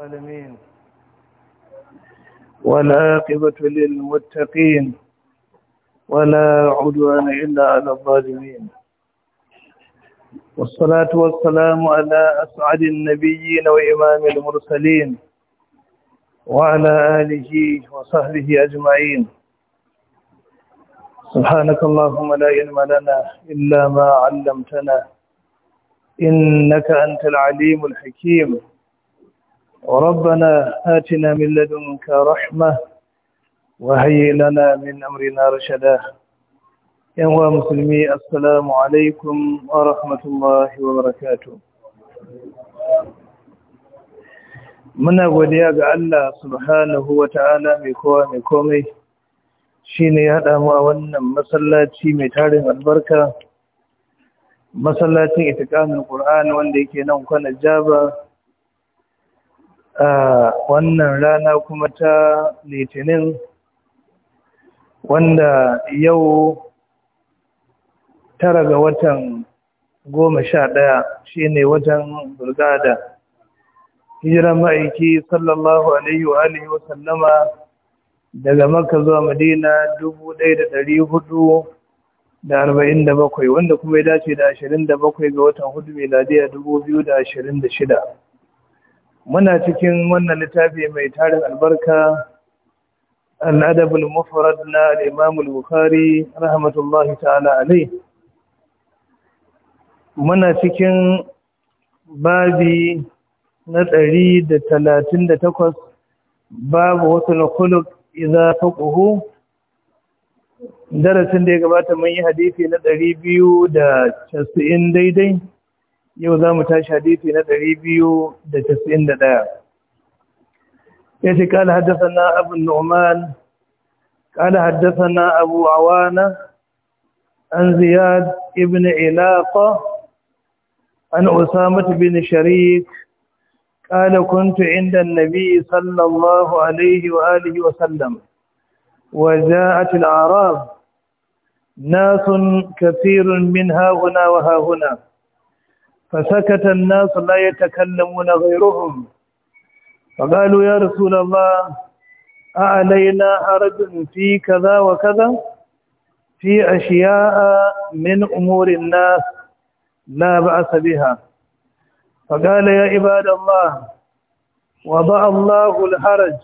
العالمين والعاقبة للمتقين ولا عدوان إلا على الظالمين والصلاة والسلام على أسعد النبيين وإمام المرسلين وعلى آله وصحبه أجمعين سبحانك اللهم لا علم لنا إلا ما علمتنا إنك أنت العليم الحكيم ربنا آتنا من لدنك رحمة وهيئ لنا من أمرنا رشدا يا مسلمي السلام عليكم ورحمة الله وبركاته muna godiya ga Allah subhanahu wa ta'ala mai kowa mai komai shi ne ya haɗa mu a wannan masallaci mai tarin albarka masallacin itikamin ƙur'ani wanda yake nan kwanar jaba a wannan rana kuma ta litinin wanda yau tara ga watan goma sha ɗaya shi ne watan burgada hijiran ma'aiki sallallahu alaihi wa alihi wa sallama daga maka zuwa madina dubu ɗaya da ɗari hudu da arba'in da bakwai wanda kuma ya dace da ashirin da bakwai ga watan hudu miladiya dubu biyu da ashirin da shida muna cikin wannan littafi mai tarin albarka al'adabul mufarad na al'imamul bukari rahmatullahi ta'ala alai muna cikin babi na tsari da talatin da takwas babu wasu lakuluk iza ƙuhu darasin da ya gabata mun yi hadithi na ɗari biyu da casa'in daidai yau za mu tashi hadithi na ɗari biyu da casa'in da ɗaya ya ce kala haddasa na abin nu'man kala haddasa na abu awana an ziyad ibn ilaqa an usamatu bin sharik قال كنت عند النبي wa الله عليه وآله وسلم وجاءت الأعراب ناس كثير من ها هنا وها هنا فسكت الناس لا يتكلمون غيرهم فقالوا يا رسول الله أعلينا حرج في كذا وكذا في أشياء من أمور الناس لا بأس بها فقال يا عباد الله وضع الله الحرج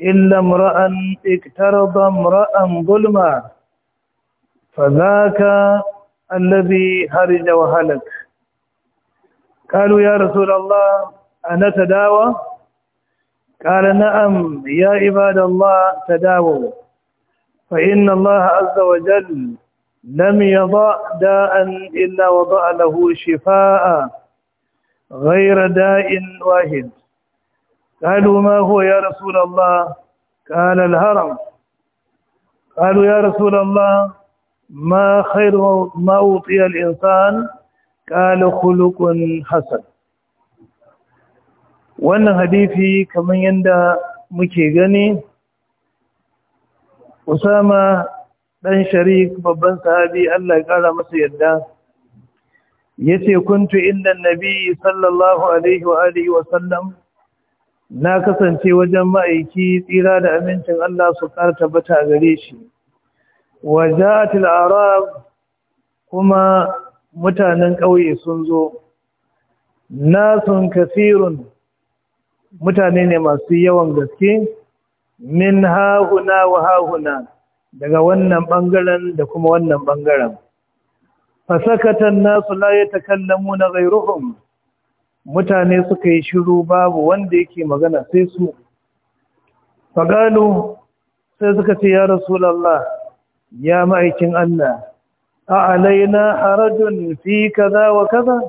إلا امرأ اقترض امرأ ظلما فذاك الذي هرج وهلك قالوا يا رسول الله تداوى قال نعم يا عباد الله تداووا فإن الله عز وجل لم يضع داء إلا وضع له شفاء غير داء واحد قالوا ما هو يا رسول الله قال الهرم قالوا يا رسول الله ما خير ما أوطي الإنسان kala khuluqun hasan wannan hadisi kamar yanda muke gani Usama dan Sharik babban sahabi Allah ya kara masa yadda yace kuntu inda nabi sallallahu alaihi wa alihi wa sallam na kasance wajen ma'aiki tsira da amincin Allah su kara tabbata gare shi waja'at al-arab kuma mutanen ƙauye sun zo nasun kasirun mutane ne masu yawan gaske min hahuna wa hahuna daga wannan ɓangaren da kuma wannan ɓangaren fasakatan nasu la ya na gairuhum mutane suka yi shiru babu wanda yake magana sai su fagano sai suka ce ya rasulallah ya ma'aikin Allah alaina harajun fi kazawa kaza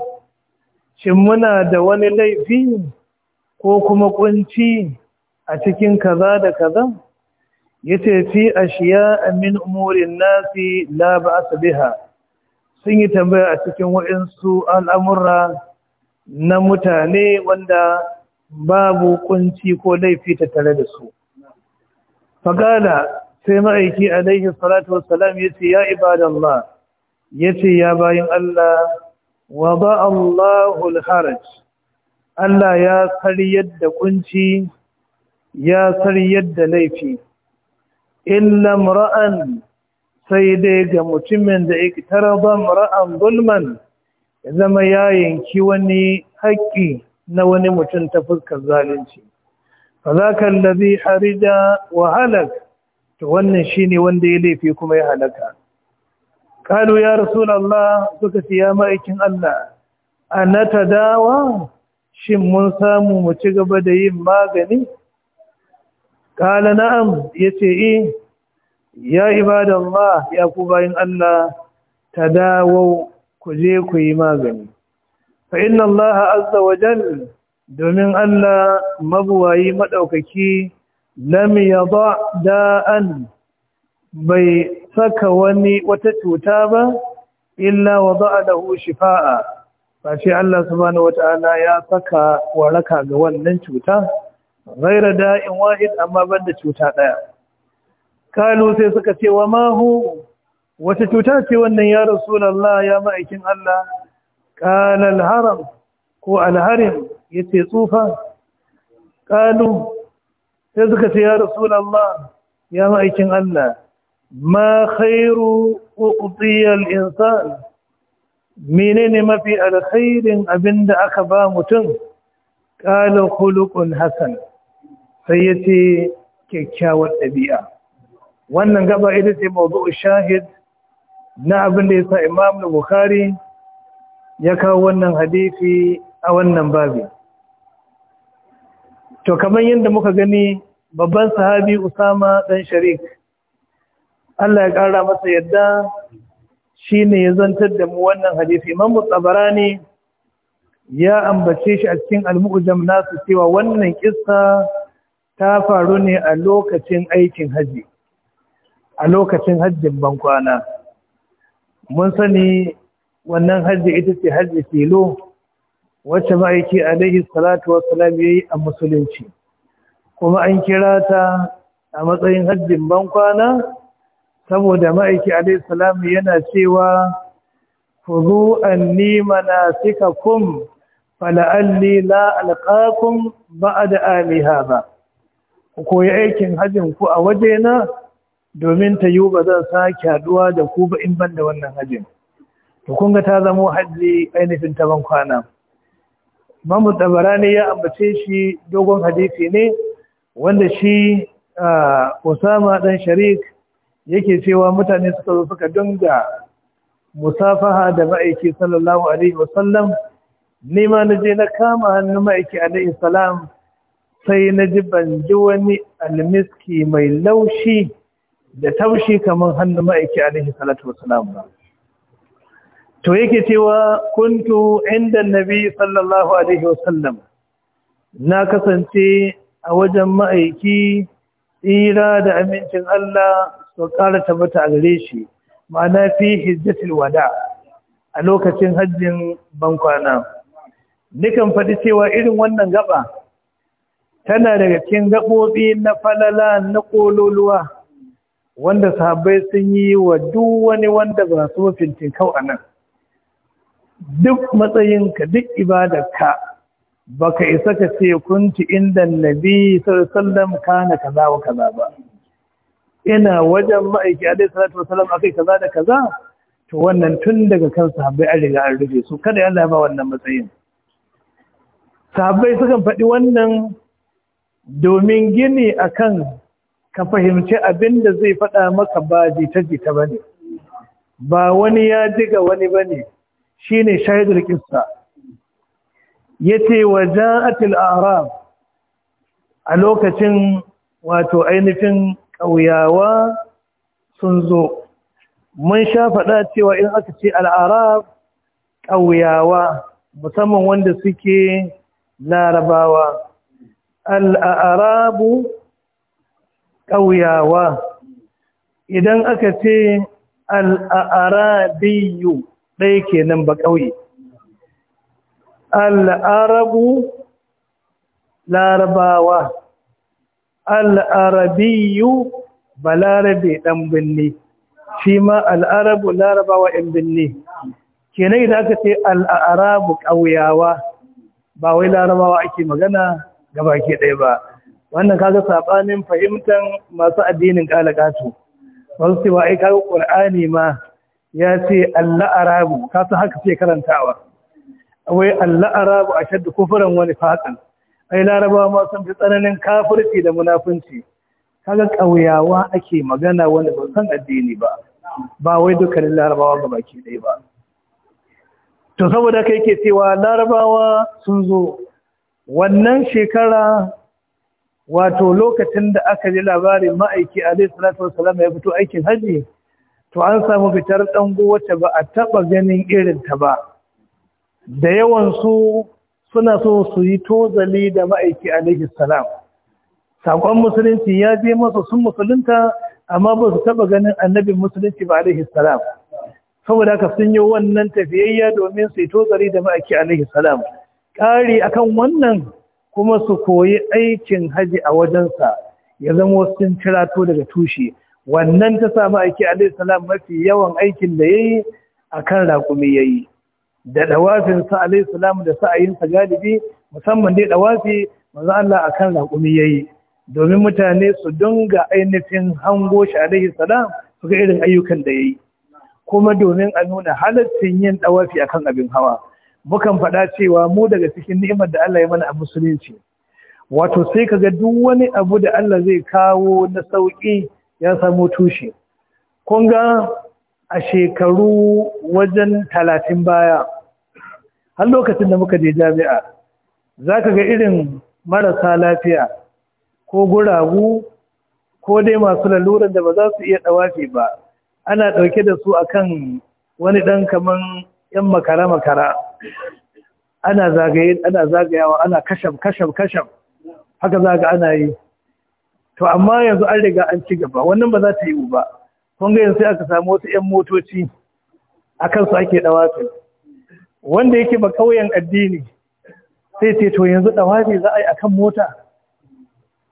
shin muna da wani laifi ko kuma kunci a cikin kaza da kaza yace fi ashiya min umurin nasi la ba'sa biha sun yi tambaya a cikin waɗansu al'amura na mutane wanda babu kunci ko laifi tattare da su. Fagala sai ma'aiki alaihi salatu wasalam ya ce, “Ya ibadallah, yace ya bayin Allah wada Allahu al-haraj Allah ya karyar da kunci ya karyar da laifi illa mar'an sai dai ga mutumin da yake taraba mar'an zulman zama ya yanki wani haƙƙi na wani mutum ta fuskar zalunci fazaka allazi harija wa halak to wannan shine wanda ya laifi kuma ya halaka kalu ya rasulallah suka ce ya ma'aikin Allah a na ta dawa shin mun samu mu ci gaba da yin magani kala na'am ya ce e ya ibadallah ya ku bayan Allah ta dawo ku je ku yi magani fa inna Allah azza wa domin Allah mabuwayi madaukaki lam yada da'an bai saka wani wata cuta ba illa wada'a dahu shifa'a Ba shi Allah subhanahu wata'ala ya saka waraka ga wannan cuta ghaira da'in wahid amma da cuta ɗaya. kalu sai suka ce wa Mahu. wata cuta ce wannan ya rasulullah ya ma'aikin Allah qala haram ko alharin ya yace tsufa kalu sai suka ce ya rasulullah ya ma'aikin Allah ma khairu insan menene mafi alkhairin abinda aka ba mutum qala khuluqun hasan sai yace kyakkyawar dabi'a wannan gaba ita ce mawdu'u shahid na abinda yasa imam bukhari ya kawo wannan hadisi a wannan babi to kamar yadda muka gani babban sahabi usama dan sharik Allah ya ƙara masa yadda shi ne ya zantar da mu wannan hadisi imamu ne. ya ambace shi a cikin almu'ujam nasu cewa wannan kissa ta faru ne a lokacin aikin haji a lokacin hajjin bankwana mun sani wannan hajji ita ce hajji filo wacce ma'aiki alaihi salatu salam ya yi a musulunci kuma an kira ta a matsayin hajjin bankwana saboda ma'aiki alaihi yana cewa na anni kun fala'alli la a da aliha ba. ku koyi aikin hajjin ku a waje na, domin ta yiwu ba zan sake haduwa da ku ba in ban da wannan hajjin to kunga ta zamo hajji ainihin ta ban kwana Mamu ne ya ambace shi dogon hadisi ne wanda shi ah, Usama dan Sharik yake cewa mutane suka zo suka dinga musafaha da ma'aiki sallallahu alaihi wasallam ni ma na je na kama hannun ma'aiki alaihi salam sai na ji ban ji wani almiski mai laushi da taushi kamar hannun ma'aiki alaihi salatu wasalam ba to yake cewa kuntu inda nabi sallallahu alaihi wasallam na kasance a wajen ma'aiki tsira da amincin Allah to ƙara tabbata a gare shi ma'ana fi hijjatul wada a lokacin hajjin bankwana nikan faɗi cewa irin wannan gaba tana daga cikin gaɓoɓi na falala na ƙololuwa wanda sahabbai sun yi wa duk wani wanda ba su mafincin kau a nan duk matsayinka duk ibadarka baka isa ka ce kunti inda nabi sallallahu alaihi wasallam kana kaza wa kaza ba ina wajen ma'aiki alaihi salatu wasalam akai kaza da kaza to wannan tun daga kan sahabbai an riga an rufe su kada Allah ya ba wannan matsayin sahabbai sukan faɗi wannan domin gini akan ka fahimci abin da zai faɗa maka ba jita-jita ba ne ba wani ya ga wani ba ne shi ne shahidul kista. ya ce wa ja'atul arab a lokacin wato ainihin ƙauyawa sun zo mun sha faɗa cewa in aka ce al'arab ƙauyawa musamman wanda suke larabawa al'arabu ƙauyawa idan aka ce al'arabiyu ɗaya kenan ba ƙauye al'arabu larabawa al'arabiyu ba Larabe ɗan binne shi ma al'arabu larabawa ‘yan binne kenan idan aka ce al'arabu ƙauyawa ba wai larabawa ake magana ga ke ɗaya ba wannan kaga saɓanin fahimtar masu addinin ƙalaƙato wasu cewa ai kaga ƙur'ani ma ya ce al'arabu ka haka ce karantawa wai al'arabu a shaddu kufuran wani fatan ai larabawa ma sun fi tsananin kafirci da munafunci kaga ƙauyawa ake magana wanda ba san addini ba ba wai dukkanin larabawa ga baki ɗaya ba to saboda kai ke cewa larabawa sun zo wannan shekara wato lokacin da aka ji labarin ma'aiki alayhi salatu wasallam ya fito aikin haji to an samu fitar dango wacce ba a taba ganin irin ta ba da yawan su suna so su yi tozali da ma'aiki laifin salam sakon musulunci ya je masa sun musulunta amma ba su taba ganin annabin musulunci ba laifin salam saboda haka sun yi wannan tafiyayya domin su yi tozali da ma'aiki laifin salam ƙari akan wannan kuma su koyi aikin haji a wajensa ya zama sun cirato daga tushe wannan ta ma'aiki aiki laifin salam mafi yawan aikin da ya yi a kan raƙumi ya yi da ɗawafinsa sa alaihi da sa'ayin sa galibi musamman dai ɗawafi, manzo Allah akan raƙumi yayi domin mutane su dinga ainihin hango shi alaihi salam su ga irin ayyukan da yayi kuma domin a nuna halaccin yin ɗawafi akan abin hawa mukan faɗa cewa mu daga cikin ni'imar da Allah ya mana a musulunci wato sai kaga duk wani abu da Allah zai kawo na sauƙi ya samu tushe kun ga a shekaru wajen talatin baya har lokacin da muka je jami'a za ka ga irin marasa lafiya ko guragu ko dai masu laluran da ba za su iya ɗawafi ba ana ɗauke da su akan wani ɗan kaman ‘yan makara-makara ana zagaye ana zagayawa ana kasham kasham kasham haka zaga ana yi to amma yanzu an riga an ci gaba wannan ba za ta yi ba kun ga sai aka samu wasu 'yan motoci a kansu ake ɗawafi wanda yake ba kauyen addini sai ce to yanzu ɗawafi za a yi akan mota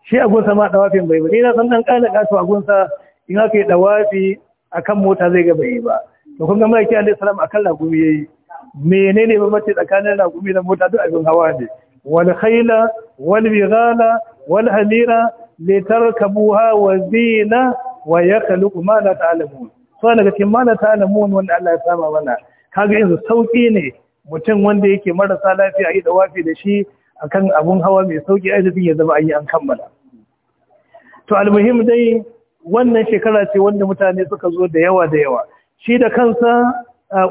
shi a gunsa ma ɗawafin bai ba. na san ɗan ƙana ƙato a gunsa in aka yi ɗawafi akan mota zai ga bai ba to kun ga mai kiyan da salam akan lagumi yayi menene mace tsakanin lagumi da mota duk abin hawa ne wal khayla wal bighala wal hamira litarkabuha wa zina wa yakhluqu ma la ta'lamun so daga cikin ma la ta'lamun wanda Allah ya sama mana kaga yanzu sauƙi ne mutum wanda yake marasa lafiya a yi da wafi da shi akan abun hawa mai sauki ainihin ya zama a yi an kammala to almuhim dai wannan shekara ce wanda mutane suka zo da yawa da yawa shi da kansa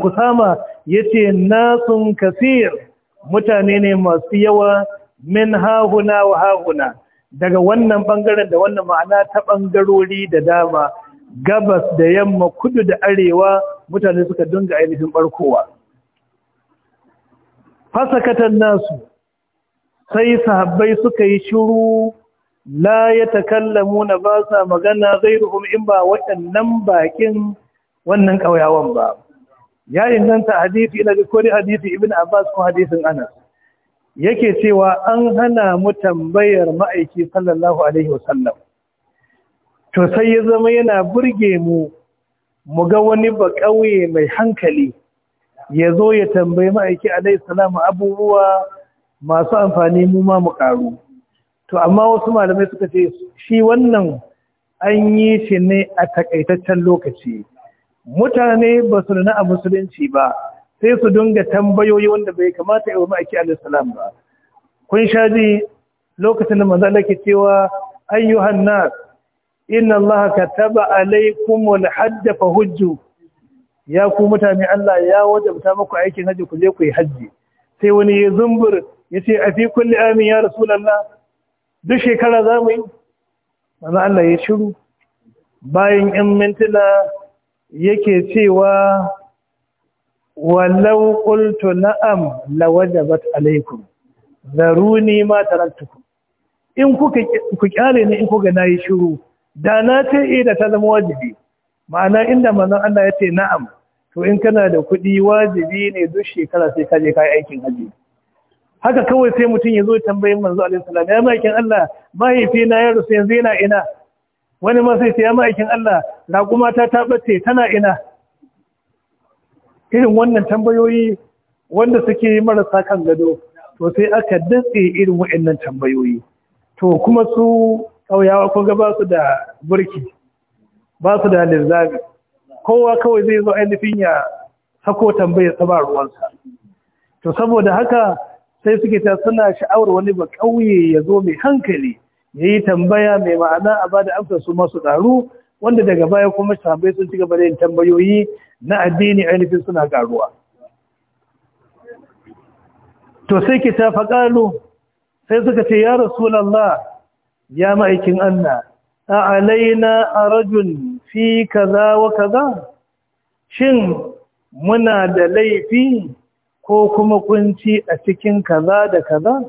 Usama yace nasun kasir mutane ne masu yawa min hahuna wa hahuna daga wannan bangaren da wannan ma'ana ta bangarori da dama gabas da yamma kudu da arewa mutane suka dinga ainihin barkowa fasakatan nasu sai sahabbai suka yi shiru la ya takallamu na ba sa magana zai ghairuhum in ba waɗannan bakin wannan ƙauyawan ba ya inganta hadisi ina ga kori hadisi ibn abbas ko hadisin anas yake cewa an hana mu tambayar ma'aiki sallallahu alaihi wasallam to sai ya zama yana burge mu mu ga wani ba ƙauye mai hankali ya zo ya tambayi ma'aiki alaihi salamu abubuwa masu amfani mu ma mu ƙaru to amma wasu malamai suka ce shi wannan an yi shi ne a takaitaccen lokaci mutane ba su na a musulunci ba sai su dunga tambayoyi wanda bai kamata yau ma'aiki alisalam ba kun sha ji lokacin da manzo ke cewa ayyuhan na ina Allah kataba wani hajja fa hujju ya ku mutane Allah ya wajabta maku aikin hajji ku je ku yi hajji. sai wani ya zumbur ya ce a fi kulli amin ya rasu rasulallah duk shekara za mu yi manzo Allah ya shiru bayan 'yan mintuna yake cewa walau qultu na'am lawajabat alaikum zaruni ma taraktukum in kuka ku kyale ni in kuka nayi shiru da na ce eh ta zama wajibi ma'ana inda manzon Allah ya ce na'am to in kana da kuɗi wajibi ne duk shekara sai ka je aikin haji haka kawai sai mutum ya zo tambayin manzo alaihi salaam ya ma'aikin Allah mahaifina ya rusu yanzu yana ina wani ma sai ya ma'aikin Allah raƙuma ta ta bace tana ina irin wannan tambayoyi wanda suke marasa kan gado to sai aka datse irin waɗannan tambayoyi to kuma su ƙauyawa kun ga ba su da burki ba su da linzami kowa kawai zai zo ainihin ya sako tambayar saba ruwansa to saboda haka sai suke ta suna sha'awar wani ba ƙauye ya zo mai hankali ya yi tambaya mai ma'ana a ba da amsa su masu ɗaru wanda daga baya kuma tambayi sun ci gaba da yin tambayoyi na addini ainihin suna garuwa to sai ki ta faƙalo sai suka ce ya rasulallah ya ma'aikin Allah a alaina a rajun fi kaza wa kaza shin muna da laifi ko kuma kunci a cikin kaza da kaza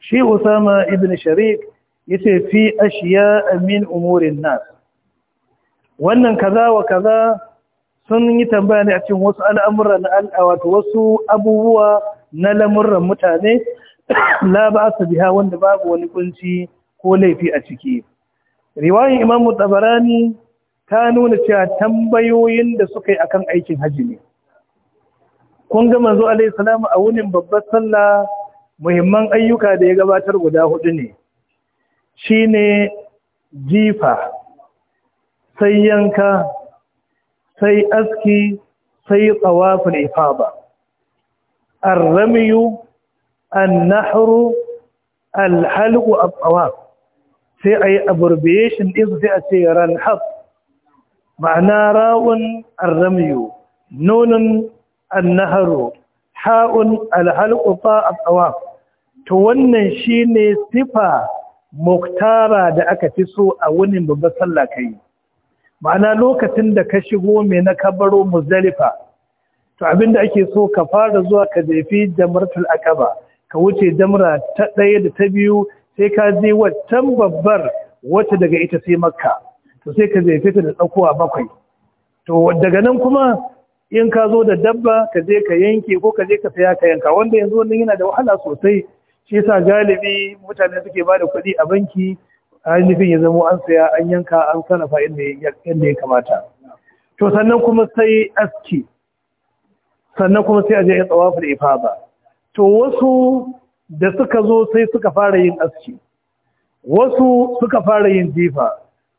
shi usama ibn sharif yace fi ashiya min umurin nas wannan kaza wa kaza sun yi tambaya ne a cikin wasu al'amura na wato wasu abubuwa na lamuran mutane la ba biya wanda babu wani kunci ko laifi a ciki riwayin imam tabarani ta nuna cewa tambayoyin da suka yi a kan aikin haji ne kun ga manzo alaihi salaam a wunin babbar sallah muhimman ayyuka da ya gabatar guda hudu ne shine jifa sai yanka sai aski sai tsawafin ifaba arramiyu annahru alhalqu a sai ayi abbreviation ɗinsu sai a ce haf ma'ana ra'un arramiyu an nahuru ha'un alhalqu Fa a tawaf to wannan ne sifa muktara da aka fi so a wani babbar sallah kai ma'ana lokacin da ka shigo mai na kabaro muzdalifa to abinda ake so ka fara zuwa ka jefi jamratul akaba ka wuce jamra ta ɗaya da ta biyu sai ka je waccan babbar wacce daga ita sai makka to sai ka jefe ta da tsakuwa bakwai to daga nan kuma in ka zo da dabba ka je ka yanke ko ka je ka saya ka yanka wanda yanzu wannan yana da wahala sosai shi yasa galibi mutane suke ba da kuɗi a banki ainihin ya zama an saya an yanka an sarrafa inda ya kamata to sannan kuma sai aski sannan kuma sai a je ya da ifada to wasu da suka zo sai suka fara yin aski wasu suka fara yin jifa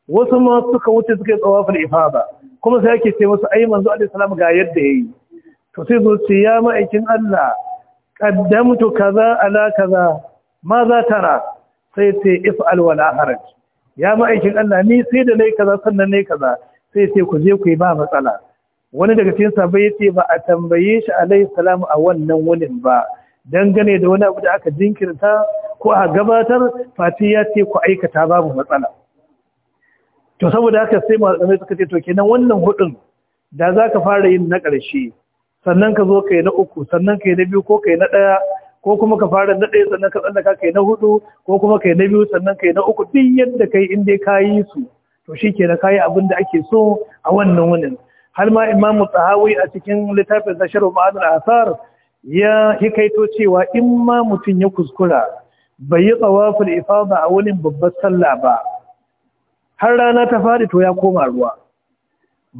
wasu ma suka wuce suka yi tsawafa da ifada kuma sai ake ce wasu ai manzo alaihi salam ga yadda yayi to sai zo ce ya ma'aikin Allah ƙaddamtu kaza ala kaza ma za tara sai ce if'al wala haraj ya ma'aikin Allah ni sai da nayi kaza sannan nayi kaza sai ce ku je ku yi ba matsala wani daga cikin sahabbai yace ba a tambaye shi alaihi salamu a wannan wunin ba dangane da wani abu da aka jinkirta ko a gabatar fati ya ce ku aikata babu matsala to saboda haka sai mu malamai suka ce to kenan wannan hudun da zaka fara yin na ƙarshe sannan ka zo kai na uku sannan kai na biyu ko kai na ɗaya ko kuma ka fara na ɗaya sannan ka tsallaka kai na hudu ko kuma kai na biyu sannan kai na uku duk yadda kai in dai ka yi su to shi ke na kayi abin da ake so a wannan wunin har ma imamu tsahawi a cikin littafin na sharu a asar ya hikaito cewa in ma mutum ya kuskura bai yi tsawafin ifada a wani babbar sallah ba har rana ta faɗi to ya koma ruwa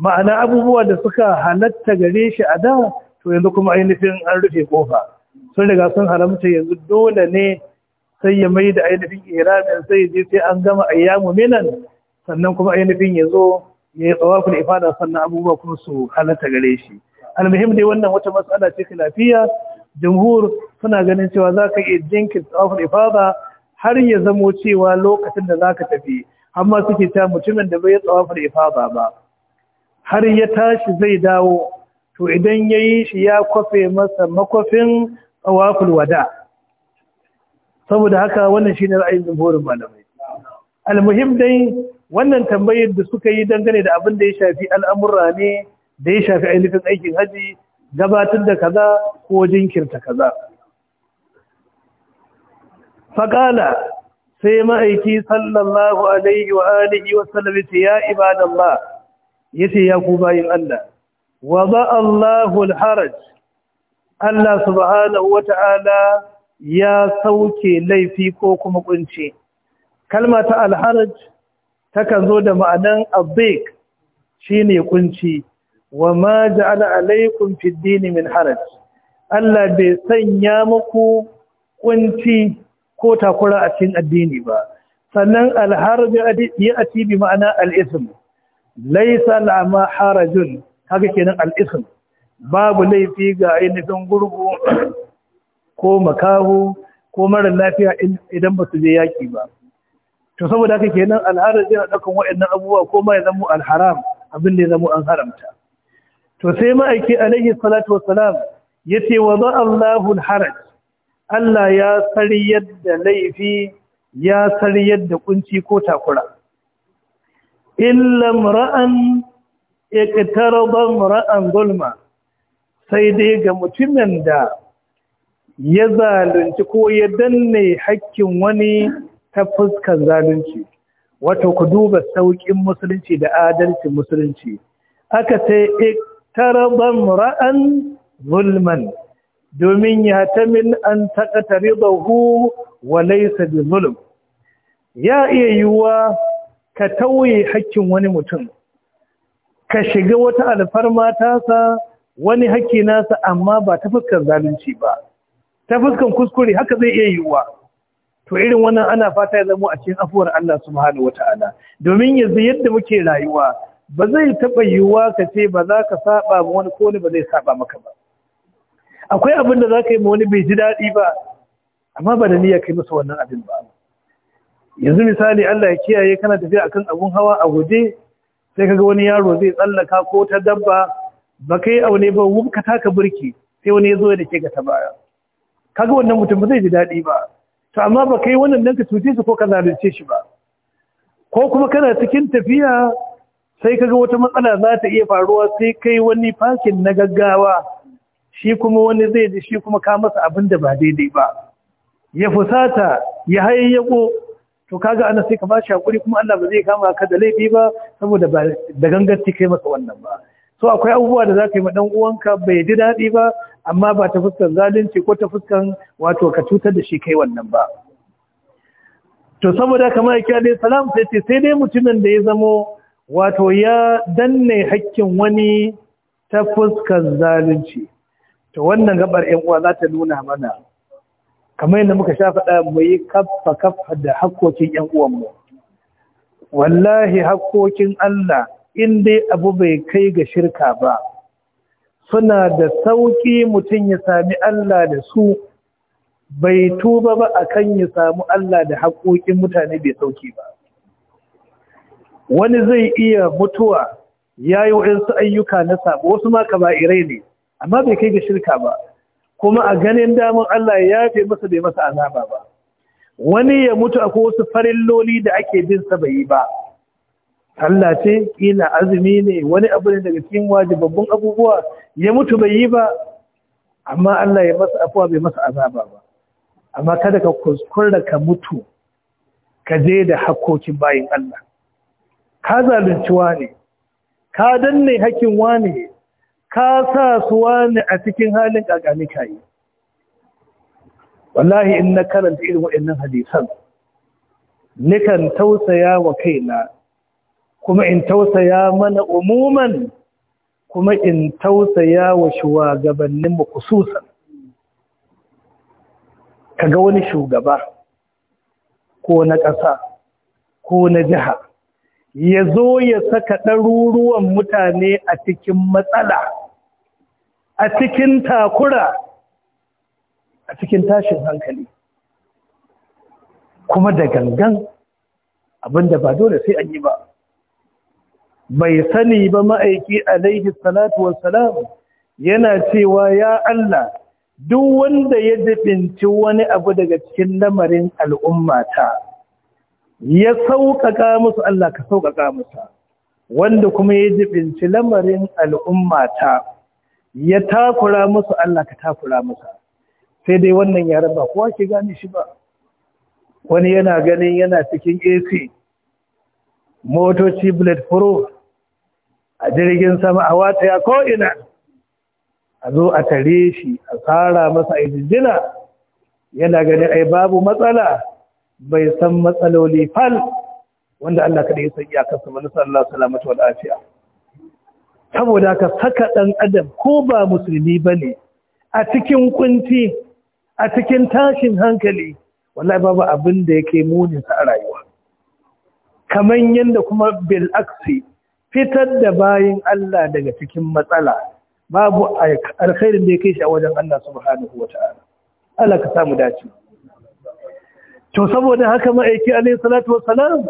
ma'ana abubuwa da suka halatta gare shi a da to yanzu kuma ainihin an rufe kofa sun riga sun haramta yanzu dole ne sai ya mai da ainihin iramin sai je sai an gama ayyamu minan sannan kuma ainihin ya zo ya yi tsawafin ifada sannan abubuwa kuma su halatta gare shi almuhim dai wannan wata matsala ce lafiya jamhur suna ganin cewa za ka iya jinkin tsawafin ifada har ya zamo cewa lokacin da za ka tafi amma suke ta mutumin da bai tsawafin ifada ba har ya tashi zai dawo to idan ya yi shi ya kwafe masa makwafin tsawaful wada saboda haka wannan shine ra'ayin jumhurin malamai almuhim dai wannan tambayar da suka yi dangane da abin da ya shafi al'amura ne da ya shafi ainihin aikin haji gabatar da kaza ko jinkirta kaza faƙala sai ma'aiki sallallahu alaihi wa alihi wa sallamita ya ibadallah ya ce ya ku bayin Allah wa Allahul haraj Allah subhanahu ta'ala ya sauke laifi ko kuma kunce kalma ta alharaj takan zo da ma'anan abik shine kunci wa ma ja'ala alaikum fid min haraj Allah bai sanya muku kunci ko takura a cikin addini ba sannan alharaj ya ati bi ma'ana al isim. laysa la ma harajun haka kenan al isim. babu laifi ga ainihin gurgu ko makaho ko mara lafiya idan ba su je yaƙi ba to saboda haka kenan al'adar zai ɗaukan waɗannan abubuwa ko ma ya zama alharam abin da ya zama an haramta to sai ma'aiki alaihi salatu wassalam ya ce wa za Allahul haraj Allah ya sariyar da laifi ya sariyar da kunci ko takura illam ra'an ban ra'an gulma. sai dai ga mutumin da ya zalunci ko ya danne hakkin wani ta fuskar zalunci wato ku duba sauƙin musulunci da adalci musulunci aka sai iktaraban ra'an zulman domin ya ta min an taƙata ribahu wa laisa bi zulm ya iya yiwuwa ka tauye hakkin wani mutum ka shiga wata alfarma tasa wani hakki nasa amma ba ta fuskar zalunci ba ta fuskar kuskure haka zai iya yiwuwa to irin wannan ana fata ya zama a cikin afuwar Allah subhanahu wataala domin yanzu yadda muke rayuwa ba zai taɓa yiwuwa ka ce ba za ka saba ma wani ko ba zai saba maka ba akwai abin da za ka yi ma wani bai ji daɗi ba amma ba da niyya kai masa wannan abin ba yanzu misali Allah ya kiyaye kana tafiya akan abun hawa a guje sai ka ga wani yaro zai tsallaka ko ta dabba ba kai aune ba ka taka burki sai wani ya zo da ke ga ta baya kaga wannan mutum ba zai ji daɗi ba to amma ba kai wannan dan ka cuce shi ko ka zalunce shi ba ko kuma kana cikin tafiya sai kaga wata matsala za ta iya faruwa sai kai wani fakin na gaggawa shi kuma wani zai ji shi kuma ka masa abin da ba daidai ba ya fusata ya hayayyako to kaga ana sai ka ba shi hakuri kuma Allah ba zai kama ka da laifi ba saboda ba da gangar kai masa wannan ba so akwai abubuwa da za ka yi ma ɗan uwanka bai ji daɗi ba amma ba ta fuskan zalunci ko ta fuskan wato ka cutar da shi kai wannan ba to saboda kamar yake alayhi salam sai ce sai dai mutumin da ya zamo wato ya danne hakkin wani ta fuskan zalunci to wannan gabar 'yan uwa za ta nuna mana kamar yadda muka sha faɗa mu yi kaffa kaffa da hakkokin ƴan uwanmu wallahi hakkokin Allah in dai abu bai kai ga shirka ba suna da sauƙi mutum ya sami Allah da su bai tuba ba a kan ya samu Allah da haƙoƙin mutane bai sauƙi ba wani zai iya mutuwa ya yi waɗansu ayyuka na sabo wasu ma kaba'irai ne amma bai kai ga shirka ba kuma a ganin damun Allah ya fi masa bai masa azaba ba wani ya mutu akwai wasu farilloli da ake bin sa bai yi ba Allah ce ina azumi ne wani abu ne daga cikin wajibabbun abubuwa ya mutu bai yi ba amma Allah ya masa afuwa bai masa azaba ba amma kada ka kuskura ka mutu ka je da hakokin bayin Allah ka zalunci wani ka danne hakkin wani ka sa su wani a cikin halin kakani kai wallahi in na karanta irin waɗannan hadisan nikan tausaya wa kaina kuma in tausaya mana umuman kuma in tausaya wa shugabanninmu kususan kaga wani shugaba ko na ƙasa ko na jiha ya zo ya saka ɗaruruwan mutane a cikin matsala a cikin takura a cikin tashin hankali kuma da gangan abinda ba dole sai an yi ba bai sani ba ma'aiki alaihi salatu salam yana cewa ya Allah duk wanda ya jibinci wani abu daga cikin lamarin al'ummata ya sauƙaƙa musu Allah ka sauƙaƙa musa wanda kuma ya jibinci lamarin al'ummata ya takura musu Allah ka takura musa sai dai wannan yaran ba kowa ke gane shi ba wani yana ganin yana cikin AC motoci bullet proof a jirgin sama a ya ko'ina a zo a tare shi a tsara masa a yana ganin ai babu matsala bai san matsaloli fal wanda Allah kada ya san iyakarsa wani sallallahu salamatu wa lafiya saboda haka saka ɗan adam ko ba musulmi ba ne a cikin kunci a cikin tashin hankali wallahi babu abin da yake sa a rayuwa kamar yadda kuma bil aksi fitar da bayin Allah daga cikin matsala babu alkhairin da ya kai shi a wajen Allah subhanahu wa ta'ala Allah ka samu dace to saboda haka ma'aiki alayhi salatu salam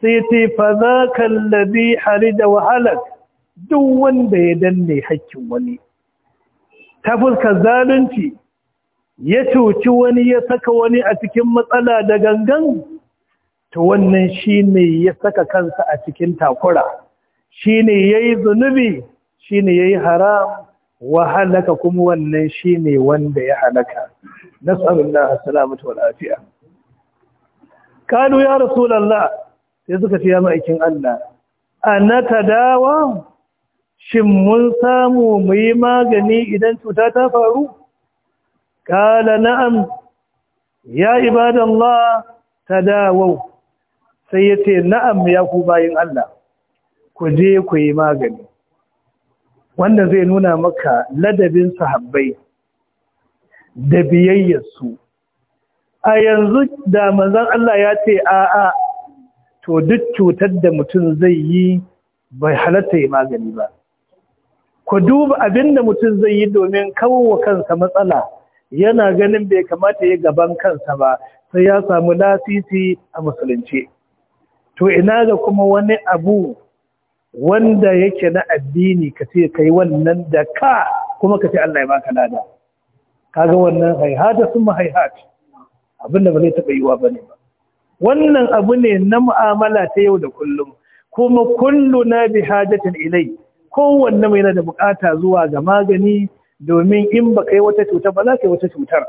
sai ya ce fa zaka alladhi harida wa duk wanda ya danne haƙƙin wani ta fuskar zalunci ya cuci wani ya saka wani a cikin matsala da gangan to wannan shine ya saka kansa a cikin takura Shi ne ya yi zunubi shi ne ya yi haram wa halaka kuma wannan shi ne wanda ya halaka na salamatu wal afiya kanu ya lalla, sai suka fiye ma'aikin Allah ta dawa shin mun samu mu yi magani idan cuta ta faru kala na'am ya ta dawo. sai ya ce na'am ya ku bayin Allah ku je ku yi magani Wanda zai nuna maka ladabin sahabbai da biyayyarsu a yanzu da manzon Allah ya ce a'a to duk cutar da mutum zai yi bai halatta yi magani ba ku duba abin da mutum zai yi domin kawo kansa matsala yana ganin bai kamata ya gaban kansa ba sai ya samu lasisi a musulunci to ina ga kuma wani abu wanda yake na addini ka ce kai wannan da ka kuma ka ce Allah ya baka lada kaga wannan haihata sun ma haihata abin da ba zai taɓa yiwa bane ba wannan abu ne na mu'amala ta yau da kullum kuma kullu na bi hajatin ilai kowanne mai na da bukata zuwa ga magani domin in ba kai wata cuta ba za ka yi wata cutar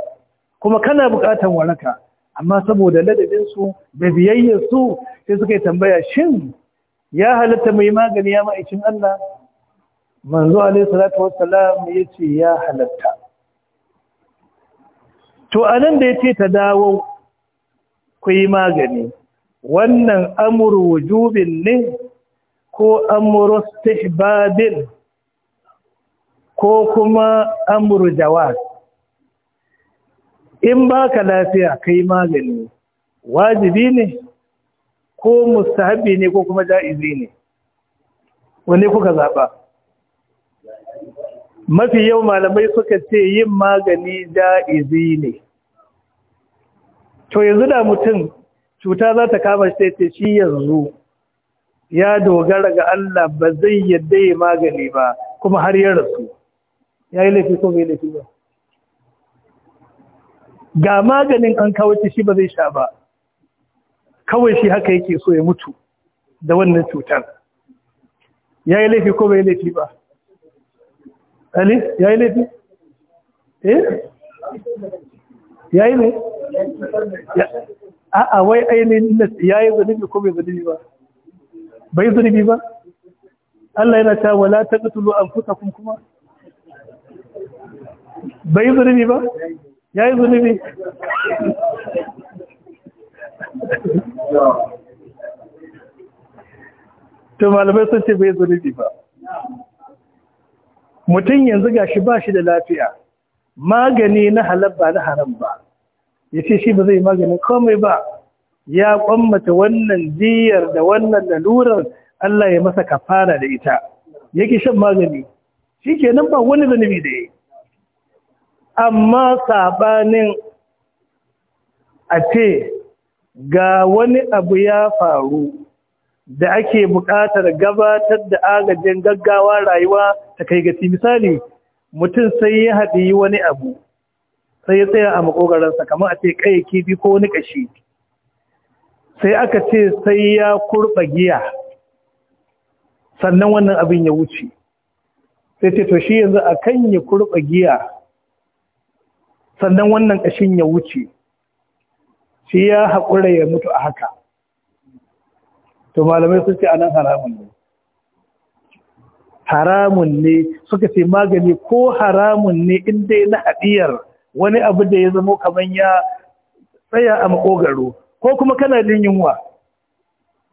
kuma kana bukatan waraka amma saboda ladabinsu da biyayyarsu sai suka yi tambaya shin ya halatta mai magani ya ma'aikin Allah manzo alaihi salatu wassalam yace ya halatta to anan da ya ce ta dawo ku yi magani wannan amru wujubin ne ko amru istihbabin ko kuma amru jawaz in baka lafiya kai magani wajibi ne ko mustahabi ne ko kuma ja'izi ne Wani kuka zaba mafi yau malamai suka ce yin magani ja'izi ne to yanzu da mutum cuta za ta kama shi ta shi yanzu ya dogara ga Allah ba zai yadda ya magani ba kuma har ya rasu ya yi laifi ko bai laifi ba ga maganin an kawo shi ba zai sha ba kawai shi haka yake so ya mutu da wannan cutar ya yi laifi ko bai laifi ba ali ya yi laifi eh ya yi ne a'a wai ainihin ya yi zunubi ko bai zunubi ba bai zunubi ba Allah yana ta wala ta kusa kun kuma bai zunubi ba ya yi zunubi to malamai sun ce bai zunubi ba mutum yanzu gashi ba shi da lafiya magani na halabba ba na haram ba ya ce shi ba zai magani komai ba ya kwammata wannan diyar da wannan lalurar Allah ya masa kafara da ita yake shan magani shi kenan ba wani zunubi da ya amma sabanin a ce ga wani abu ya faru da ake buƙatar gabatar da agajin gaggawa rayuwa ta kai gaci misali mutum sai ya yi wani abu sai ya tsaya a makogaransa kamar a ce kai kifi ko wani ƙashi sai aka ce sai ya kurɓa giya sannan wannan abin ya wuce sai ce to shi yanzu a kan ya kurɓa giya sannan wannan ƙashin ya wuce shi ya haƙura ya mutu a haka to malamai sun ce a nan haramun ne haramun ne suka ce magani ko haramun ne inda na haɗiyar wani abu da ya zamo kamar ya tsaya a makogaro ko kuma kana jin yunwa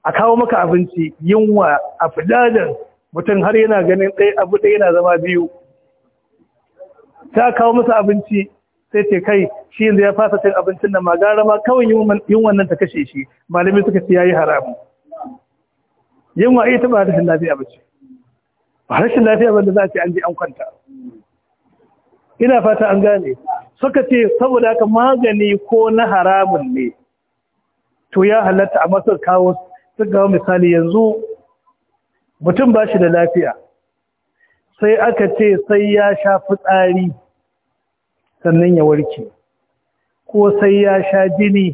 a kawo maka abinci yunwa a fidadan mutum har yana ganin ɗaya abu ɗaya yana zama biyu ta kawo masa abinci sai ce kai shi yanzu ya fasa cin abincin nan ma gara ma kawai yin wannan ta kashe shi malami suka ce yayi haramu yin wa ita ba rashin lafiya ba ce ba rashin lafiya ba da za a ce an je an kwanta ina fata an gane suka ce saboda haka magani ko na haramun ne to ya halatta a masar kawo suka kawo misali yanzu mutum ba shi da lafiya sai aka ce sai ya sha fitsari sannan ya warke ko sai ya sha jini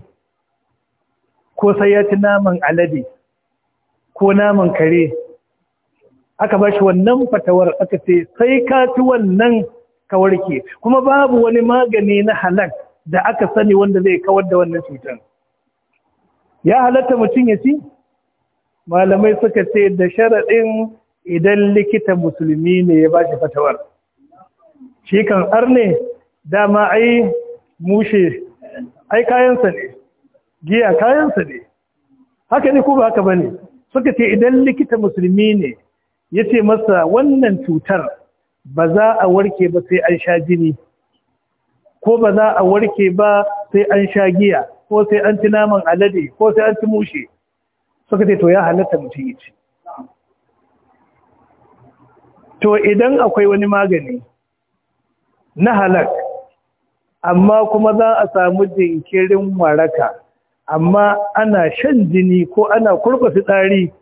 ko sai ya ci naman alade ko naman kare aka ba shi wannan fatawar aka ce sai ka ci wannan ka warke kuma babu wani magani na halak da aka sani wanda zai kawar da wannan cutar ya halatta mutum ya ci malamai suka ce da sharaɗin idan likita musulmi ne ya ba shi fatawar shi kan arne dama ai mushe ai kayansa ne giya kayansa ne haka ne ko ba haka bane suka ce idan likita musulmi ne ya ce masa wannan cutar ba za a warke ba sai an sha jini ko ba za a warke ba sai an sha giya ko sai an ci naman alade ko sai an ci mushe suka ce to ya halatta mutum ya ci to idan akwai wani magani na halak amma kuma za a samu jinkirin waraka amma ana shan jini ko ana kurba fitsari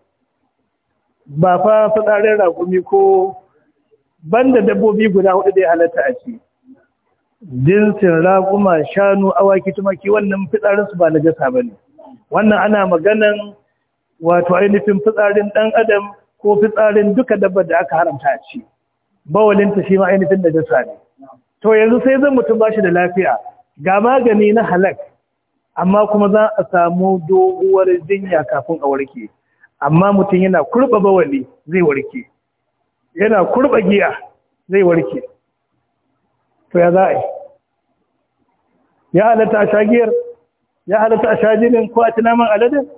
ba fa fitsarin ragumi ko banda dabbobi guda hudu da ya halatta a ce jinsin raguma shanu awaki tumaki wannan fitsarinsu ba na jasa ba ne wannan ana maganan wato ainihin fitsarin ɗan adam ko fitsarin duka dabbar da aka haramta a ci bawalinta shi ma ainihin najasa ne to yanzu sai zan mutum ba shi da lafiya ga magani na halak amma kuma za a samu doguwar jinya kafin a warke amma mutum yana kurba bawali zai warke yana kurba giya zai warke to ya za a yi ya halatta a shagiyar ya halatta a shajinin ko a tunaman aladin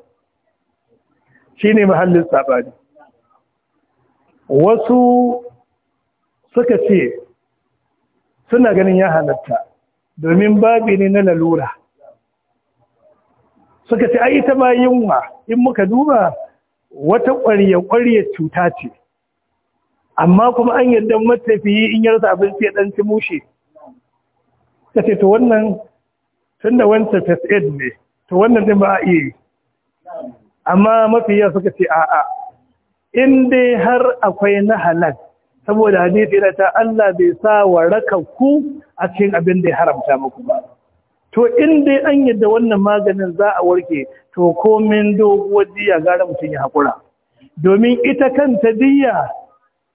shi ne mahallin sabani wasu suka ce suna ganin ya halatta domin babi ne na lalura suka ce ai ta ma yunwa in muka duba wata ƙwarya ƙwarya cuta ce amma kuma an yadda matafiyi in yarsa abinci ya ɗan ci mushe ka ce to wannan tun da wancan first aid ne to wannan din ba a iya yi amma mafiya suka ce a'a in dai har akwai na halatta saboda hadisi na ta Allah bai sa wa raka ku a cikin abin da ya haramta muku ba to in dai an yadda wannan maganin za a warke to ko komin doguwar diya gara mutum ya haƙura domin ita kanta diya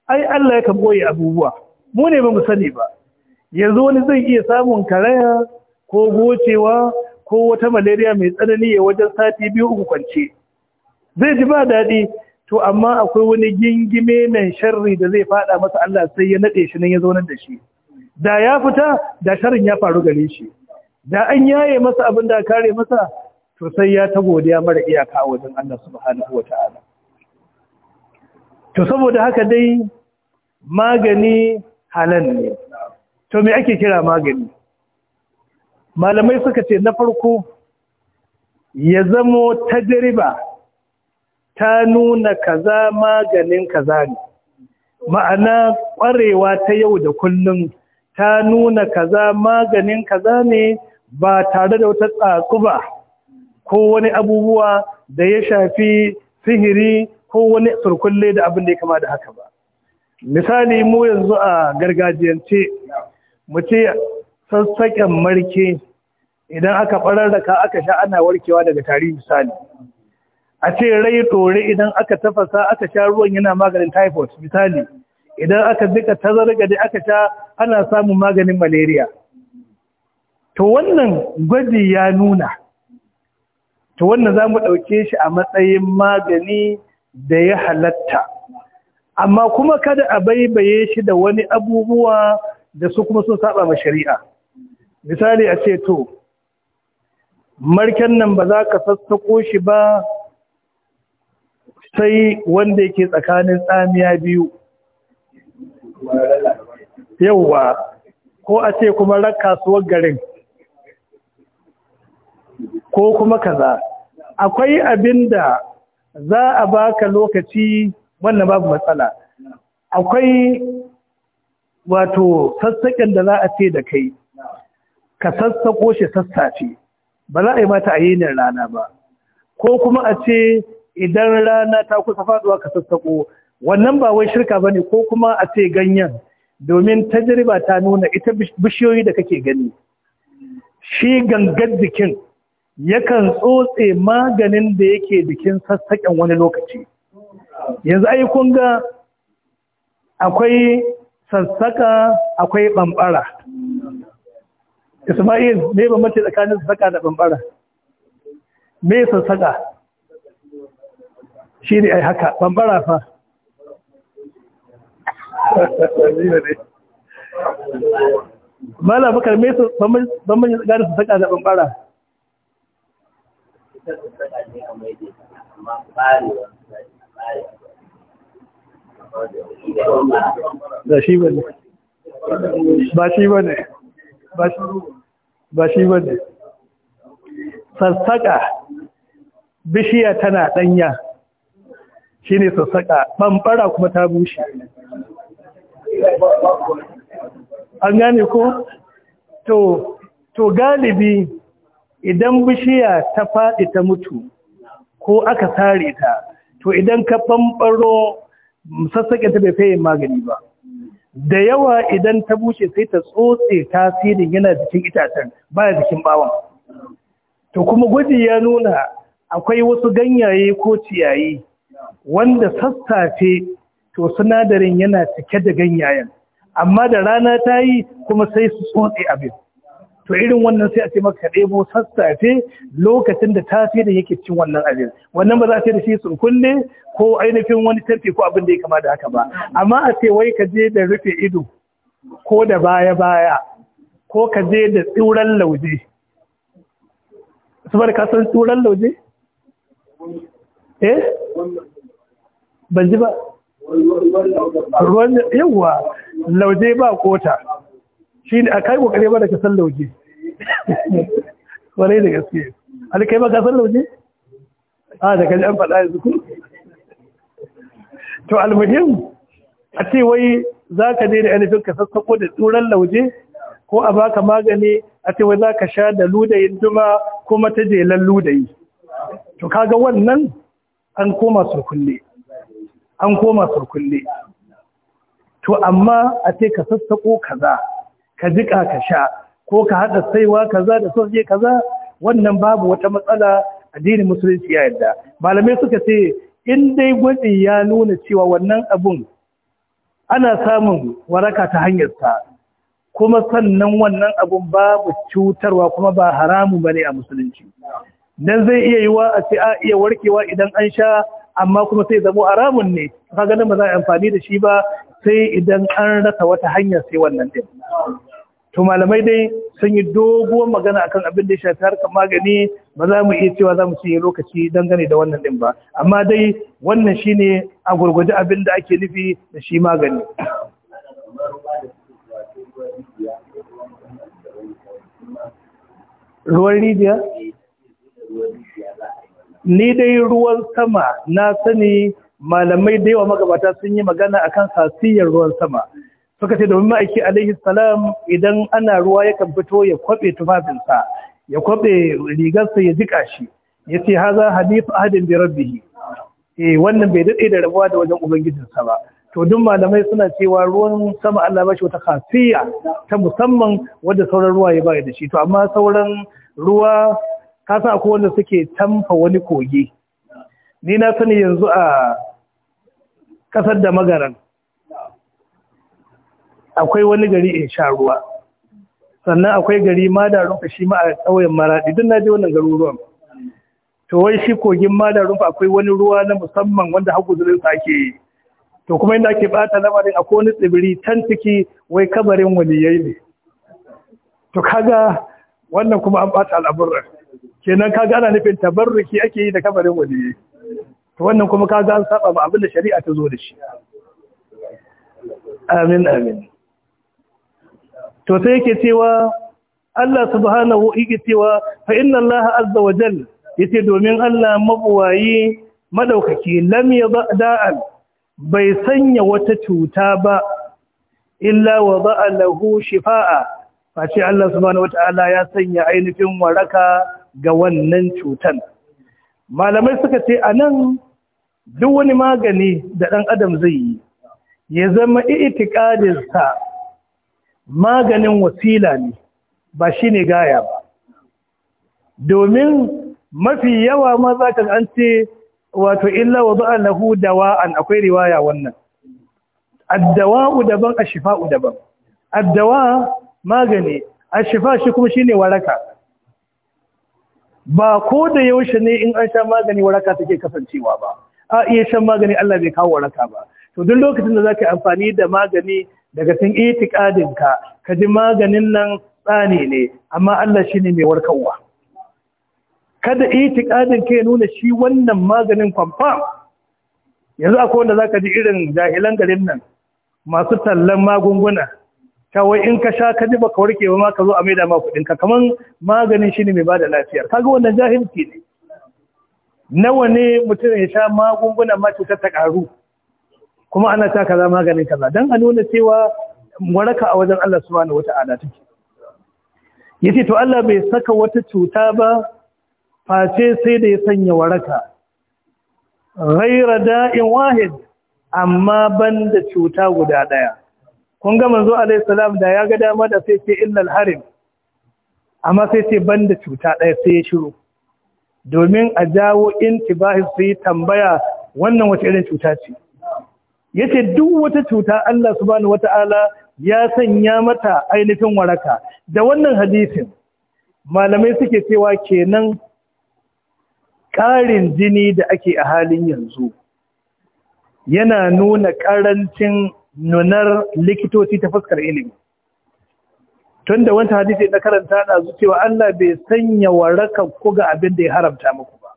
ai Allah ya boye abubuwa mu ne ba mu sani ba yanzu wani zai iya samun karaya ko gocewa ko wata malaria mai tsanani ya wajen sati biyu uku kwance zai ji ba daɗi to amma akwai wani gingime mai sharri da zai fada masa Allah sai ya nade shi nan ya zo da shi da ya fita da sharrin ya faru gare shi da an yaye masa abin da kare masa to sai ya ta godiya mara iyaka wajen Allah subhanahu wataala to saboda haka dai magani halal ne to me ake kira magani malamai suka ce na farko ya zamo tajriba ta nuna kaza maganin kaza ne ma'ana ƙwarewa ta yau da kullum ta nuna kaza maganin kaza ne ba tare da wata tsatsuba ba ko wani abubuwa da ya shafi sihiri ko wani surkulle da abin da ya kama da haka ba misali mu yanzu a gargajiyance mu ce sassaƙen marke idan aka ɓararraka aka sha ana warkewa daga tari misali a ce rai ɗore idan aka tafasa aka sha ruwan yana maganin typhoid misali idan aka zika da aka sha ana samun maganin malaria to wannan gwaji ya nuna to wannan za mu ɗauke shi a matsayin magani da ya halatta amma kuma kada a baibaye shi da wani abubuwa da su kuma sun saba ma shari'a misali a ce to marken nan ba za ka sassako shi ba sai wanda yake tsakanin tsamiya biyu yauwa ko a ce kuma rakka garin ko kuma kaza akwai abin da za a baka lokaci wannan babu matsala akwai wato sassaƙen da za a ce da kai ka sassaƙo shi sassafe ba za a yi mata a yinin rana ba ko kuma a ce idan rana ta kusa faduwa ka sassako wannan ba wai shirka ba ne ko kuma a ce ganyen domin ta tajriba ta nuna ita bishiyoyi da kake gani shi gangar jikin yakan tsotse maganin da yake jikin sassaƙen wani lokaci yanzu ai kun ga akwai sassaƙa akwai bambara Ismail me mace tsakanin sassaƙa da bambara? me sassaƙa shi ne ai haka bambara fa mala bakar me su bambara gari su saka da bambara ba shi ba ne ba shi ba ne ba shi ba ne sassaka bishiya tana danya Shi shine sassaƙa ɓanɓara kuma ta bushe an gane ko to galibi idan bishiya ta faɗi ta mutu ko aka sare ta to idan ka ɓanɓaro sassaƙe ta bai magani ba da yawa idan ta bushe sai ta tsotse tasirin yana jikin itacen baya jikin bawan to kuma gwaji ya nuna akwai wasu ganyaye ko ciyayi wanda sassafe to sinadarin yana cike da ganyayen amma da rana ta yi kuma sai su tsotse abin to irin wannan sai a ce maka ɗebo sassafe lokacin da ta da yake cin wannan abin wannan ba za ce da shi sun kunne, ko ainihin wani tafi ko abin da ya kama da haka ba amma a ce wai ka je da rufe ido ko da baya baya ko ka je da tsuran lauje su ka san tsuran lauje eh ban ji ba ruwan yawa lauje ba kota shi ne a kai kokare ba da kasan lauje Wani da gaske alkai ba kasan lauje a ah, da kaji an faɗa yanzu ku to almuhim a ce wai za ka je da ainihin ka sassako da tsuran lauje ko a baka magani a ce wai za ka sha da ludayin duma kuma ta jelan ludayi to kaga wannan an koma surkulle an koma surkulle to amma a ce ka sassaƙo kaza ka jiƙa ka sha ko ka haɗa saiwa kaza da soje kaza wannan babu wata matsala addinin musulunci ya yarda malamai suka ce in dai gwajin ya nuna cewa wannan abun ana samun waraka ta hanyarsa kuma sannan wannan abun babu cutarwa kuma ba haramu bane a musulunci nan zai iya yiwa a ce a iya warkewa idan an sha amma kuma sai zamo haramun ne ka ganin ba za a amfani da shi ba sai idan an rasa wata hanyar sai wannan din to malamai dai sun yi doguwar magana akan abin da ya shafi harkar magani ba za mu iya cewa za mu cinye lokaci dangane da wannan din ba amma dai wannan shine a gurguje abin da ake nufi da shi magani ruwan rijiya ni dai ruwan sama na sani malamai da yawa magabata sun yi magana akan sasiyar ruwan sama suka ce domin ma'aiki alaihi salam idan ana ruwa ya kan fito ya kwabe tufafinsa ya kwabe rigarsa ya jika shi ya ce haza hadifu ahadin bi rabbihi eh wannan bai daɗe da rabuwa da wajen ubangijinsa ba to duk malamai suna cewa ruwan sama Allah ba shi wata khasiyya ta musamman wadda sauran ruwa ya bayar da shi to amma sauran ruwa ka sa akwai wanda suke tamfa wani kogi ni na sani yanzu a kasar da magaran akwai wani gari in sha ruwa sannan akwai gari rufe shi ma a ƙauyen maraɗi duk na je wannan garuruwan to wai shi kogin rufe akwai wani ruwa na musamman wanda zurin sa ake yi to kuma inda ake bata lamarin akwai wani tsibiri can ciki wai kabarin wani yayi ne to kaga wannan kuma an bata al'amuran kenan kaga ana nufin tabarruki ake yi da kabarin waje. to wannan kuma kaga an saba ma abin da shari'a ta zo da shi amin amin to sai yake cewa Allah subhanahu yake cewa fa inna Allah azza wa yace domin Allah mabuwayi madaukaki lam yada'an bai sanya wata cuta ba illa wada'a lahu shifa'a face Allah subhanahu ta'ala ya sanya ainihin waraka ga wannan cutan malamai suka ce a nan duk wani magani da ɗan adam zai yi ya zama itikadinsa maganin wasila ne ba shi ne gaya ba domin mafi yawa ma za ka an ce wato illa wa zu'an lahu dawa'an akwai riwaya wannan addawa'u daban a u daban addawa magani a shifa shi kuma shi ne waraka ba ko da yaushe ne in an sha magani waraka take kasancewa ba a iya shan magani Allah bai kawo waraka ba to duk lokacin da zaka amfani da magani daga cikin itikadin ka ka ji maganin nan tsani ne amma Allah shine mai warkarwa kada itikadin ka ya nuna shi wannan maganin kwamfam yanzu akwai wanda zaka ji irin jahilan garin nan masu tallan magunguna Kawai in ka sha ka ji baka warke ba ma ka zo a maida ma kuɗin ka kaman maganin shine mai bada lafiya kaga wannan jahilci ne nawa ne mutum ya sha magunguna ma cutar ta karu kuma ana taka kaza maganin kaza dan a nuna cewa waraka a wajen Allah subhanahu wata'ala take yace to Allah bai saka wata cuta ba face sai da ya sanya waraka Raira da'in wahid amma banda cuta guda daya kun ga manzo alaihi salam da ya ga dama da sai ce illal harim amma sai ce banda cuta ɗaya sai ya shiru domin a jawo intibahi sai tambaya wannan wace irin cuta ce yace duk wata cuta Allah subhanahu wata'ala ya sanya mata ainihin waraka da wannan hadisin malamai suke cewa kenan Karin jini da ake a halin yanzu yana nuna ƙarancin nunar likitoci ta fuskar ilimi tun da wanta hadisi na karanta na cewa Allah bai sanya waraka ko ga abin da ya haramta muku ba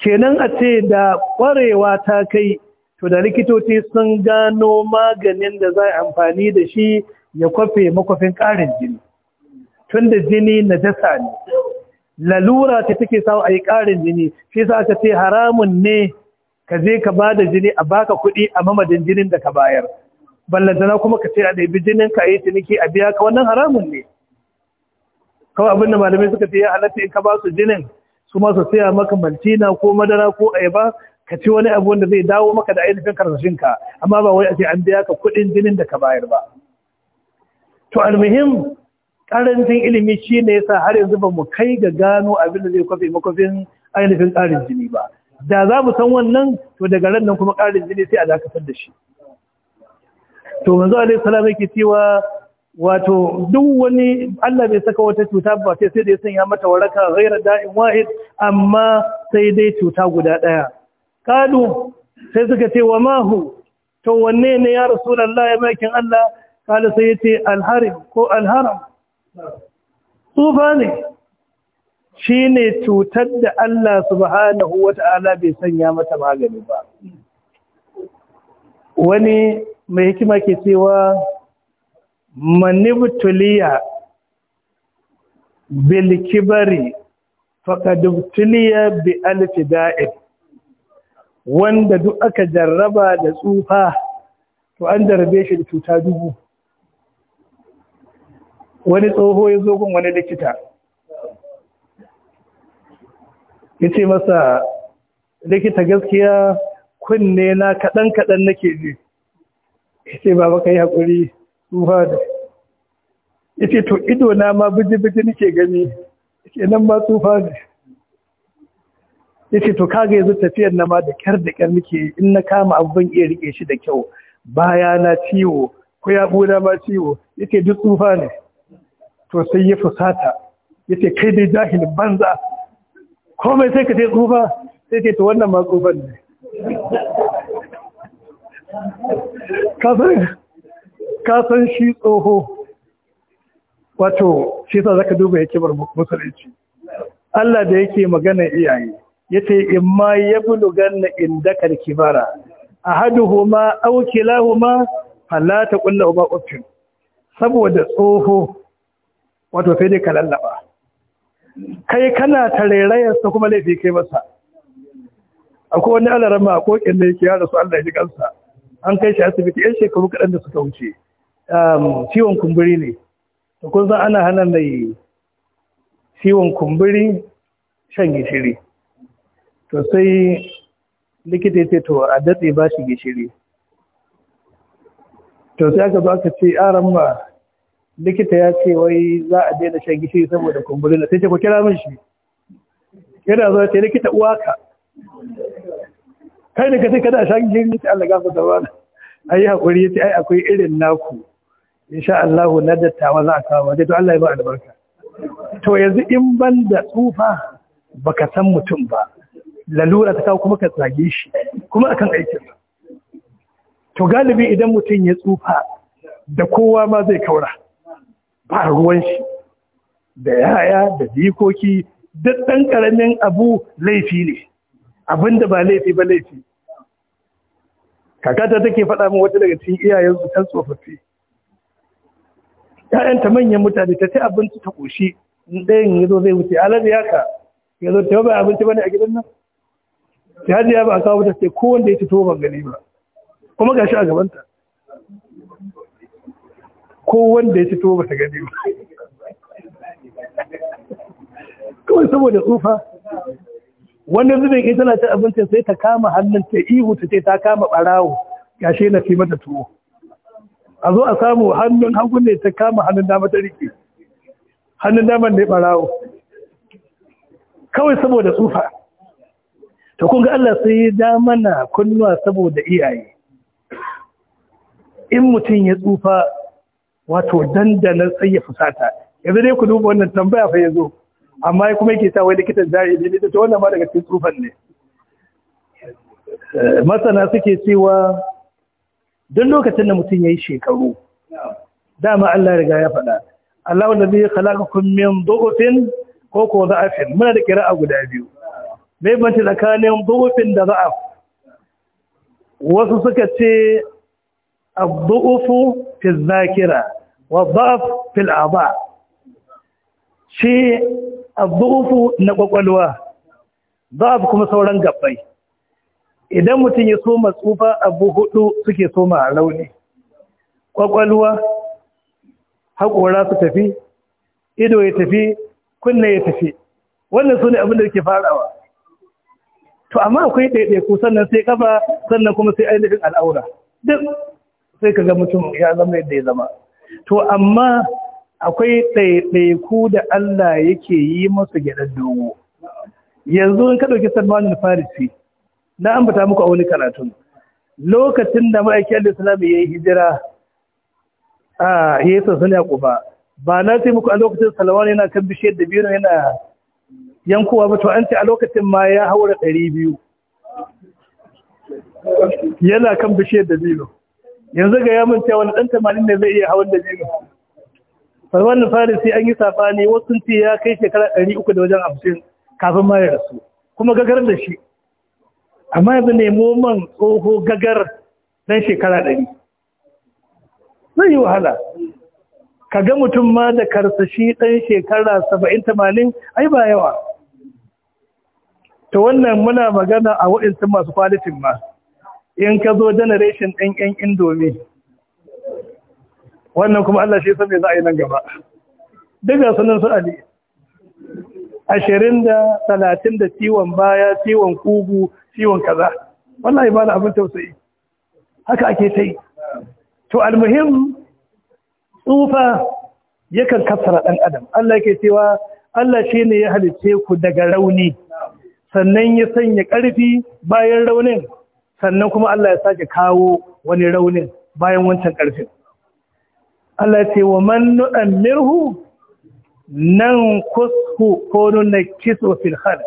kenan a ce da ƙwarewa ta kai to da likitoci sun gano maganin da za a amfani da shi ya kwafe makwafin ƙarin jini tun da jini na jasa ne lalura ta take sawa a yi ƙarin jini shi sa aka ce haramun ne ka je ka ba da jini a baka kuɗi a mamadin jinin da ka bayar ballantana kuma ka ce a ɗabi jinin ka yi ciniki a biya ka wannan haramun ne kawai abin da malamai suka ce ya halatta in ka ba su jinin su ma su saya maka maltina ko madara ko ayaba ka ci wani abu wanda zai dawo maka da ainihin karsashin ka amma ba wai a ce an biya ka kuɗin jinin da ka bayar ba to almuhim karancin ilimi shine yasa har yanzu ba mu kai ga gano abin da zai kwafe makwafin ainihin ƙarin jini ba da za mu san wannan to daga ran nan kuma ƙarin jini sai a dakatar da shi to manzo alaihi salam yake cewa wato duk wani Allah bai saka wata cuta ba sai sai da ya sanya mata waraka ghairu da'in wahid amma sai dai cuta guda daya kalu sai suka ce wa hu. to wanne ne ya rasulullahi makin Allah kala sai yace alharim ko alharam tsufa ne Shi ne cutar da Allah subhanahu Ta'ala bai sanya mata magani ba wani mai hikima ke cewa manibtuliya bil kibari fakadubtuliya bi alfi wanda duk aka jarraba da tsufa to an jarrabe shi da cuta dubu wani tsoho ya zo gun wani likita ya ce masa likita gaskiya kunne na kaɗan-kaɗan nake ji ya ce ba ka yi haƙuri tsufa da ya ce to ido na ma biji-biji nake gani ya ce nan ma tsufa da ya ce to kaga yanzu tafiyar na ma da kyar da kyar nake in na kama abin iya rike shi da kyau baya na ciwo ko ya ɓuna ma ciwo ya ce duk tsufa ne to sai ya fusata ya ce kai dai jahilin banza komai sai ka ce tsufa sai ce to wannan ma tsufan ne ka san shi tsoho wato shi sa zaka duba yake bar musulunci Allah da yake magana iyaye ce in ma ya in indaka kibara ahaduhuma aw kilahuma fala taqul lahuma uffin saboda tsoho wato sai dai ka lallaba kai kana tarairayarsa kuma laifi kai masa akwai wani alaran a kokin da yake yara su Allah ji kansa an kai shi asibiti yan shekaru kaɗan da suka wuce ciwon kumburi ne to kun san ana hana mai ciwon kumburi shan gishiri to sai likita ya to a datse ba shi gishiri to sai aka zo aka ce aran ma likita ya ce wai za a daina shan gishiri saboda kumburin sai ce ku kira min shi yana zo ce likita uwa ka. kai ne ka sai kada shan gishiri sai Allah gafa da wani ai hakuri yace ai akwai irin naku insha Allah na dattawa za a kawo dai to Allah ya ba albarka to yanzu in ban da tsufa baka san mutum ba lalura ta kawo kuma ka tsage shi kuma akan aikin to galibi idan mutum ya tsufa da kowa ma zai kaura ba ruwan shi da yaya da jikoki duk ɗan ƙaramin abu laifi ne abinda ba laifi ba laifi kakata take faɗa min wata daga cikin iyayen su kan tsofaffi ƴaƴanta manyan mutane ta ci abinci ta ƙoshi in ɗayan ya zo zai wuce alal ya ka yazo ta ba abinci bane a gidan nan ta hajiya ba a kawo ta ce ko wanda ya ci to ban gani ba kuma gashi a gabanta ko wanda ya ci tuwo ba ta gani ba kawai saboda tsufa wanda zubin ita tana cin abincin sai ta kama hannun ta ihu ta ce ta kama barawo gashe na fi mata tuwo a zo a samu hannun hagu ne ta kama hannun dama ta rike hannun dama ne barawo kawai saboda tsufa ta kunga Allah sai ya da mana kunnuwa saboda iyaye in mutum ya tsufa wato dandanan sai fusata yanzu dai ku duba wannan tambaya fa yazo amma kuma yake ta wai likitan jahili ne ta wannan ma daga cikin tsufan ne eh, masana suke cewa duk lokacin da mutum yayi shekaru dama Allah ya riga ya faɗa Allah nabi zai khalaqakum min du'fin ko ko ra'afin muna da kira'a guda biyu mai banci tsakanin du'fin da za'af wasu suka ce abdu'ufu fi zakira والضعف في الأعضاء shi abubufu na kwakwalwa za kuma sauran gabbai idan mutum ya soma tsufa abu hudu suke soma a rauni kwakwalwa haƙora su tafi ido ya tafi kunne ya tafi wannan su ne abinda yake farawa to amma akwai ɗaiɗaiku sannan sai kafa sannan kuma sai ainihin al'aura duk sai ka ga mutum ya zama yadda ya zama to amma akwai ku da Allah yake yi masa gyadar dogo yanzu in ka ɗauki salman farisi na ambata muku a wani karatun lokacin da ma'aikiyar islam ya yi hijira a yi sassani a ba. ba na sai muku a lokacin salman yana kan bishiyar da biyu yana yankowa ba to an ce a lokacin ma ya haura ɗari biyu yana kan bishiyar da biyu yanzu ga yamin cewa wani ɗan tamanin ne zai iya hawan da jini farwan farisi an yi safani wasu ce ya kai shekara ɗari uku da wajen hamsin kafin ma ya rasu kuma gagar da shi amma yanzu nemo man tsoho gagar ɗan shekara ɗari zai yi wahala ka ga mutum ma da karsashi ɗan shekara saba'in tamanin ai ba yawa ta wannan muna magana a waɗansu masu kwalitin ma in ka zo generation ɗin ƴan indomi wannan kuma Allah shi san za a yi nan gaba daga sunan su ali ashirin da talatin da ciwon baya ciwon kugu ciwon kaza wallahi ba na abin tausayi haka ake ta yi to almuhim tsufa yakan kasara ɗan adam Allah ke cewa Allah shi ne ya halice ku daga rauni sannan ya sanya ƙarfi bayan raunin sannan kuma Allah ya sake kawo wani raunin bayan wancan ƙarfin Allah ce wa man mirhu nan kusku ko nuna kiso filhar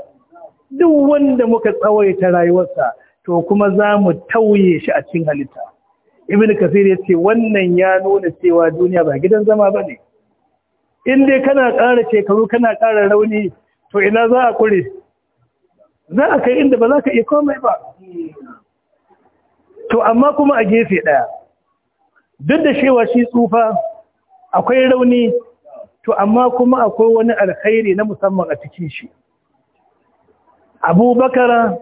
duk wanda muka tsawaita rayuwarsa to kuma za mu tauye shi a cikin halitta ibn kasir ya ce wannan ya nuna cewa duniya ba gidan zama ba ne in kana ƙara shekaru kana ƙara rauni to ina za a kure za a kai inda ba za ka iya komai ba to amma kuma a gefe ɗaya duk da shewa shi tsufa akwai rauni to amma kuma akwai wani alkhairi na musamman a cikin shi abubakar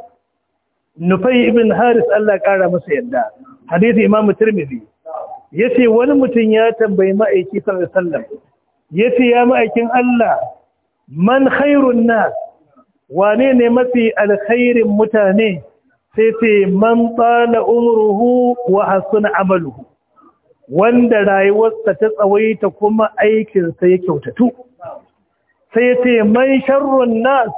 nufai ibn haris allah ƙara masa yadda hadisi imamu Turmizi, ya ce wani mutum ya tambayi ma'aiki Sallam. ya ce ya ma'aikin allah man khairun na? wane ne mafi alkhairin mutane sai ce man tsala umruhu wa hasuna amaluhu wanda rayuwarsa ta tsawaita kuma aikinsa ya kyautatu sai ce man sharrun nas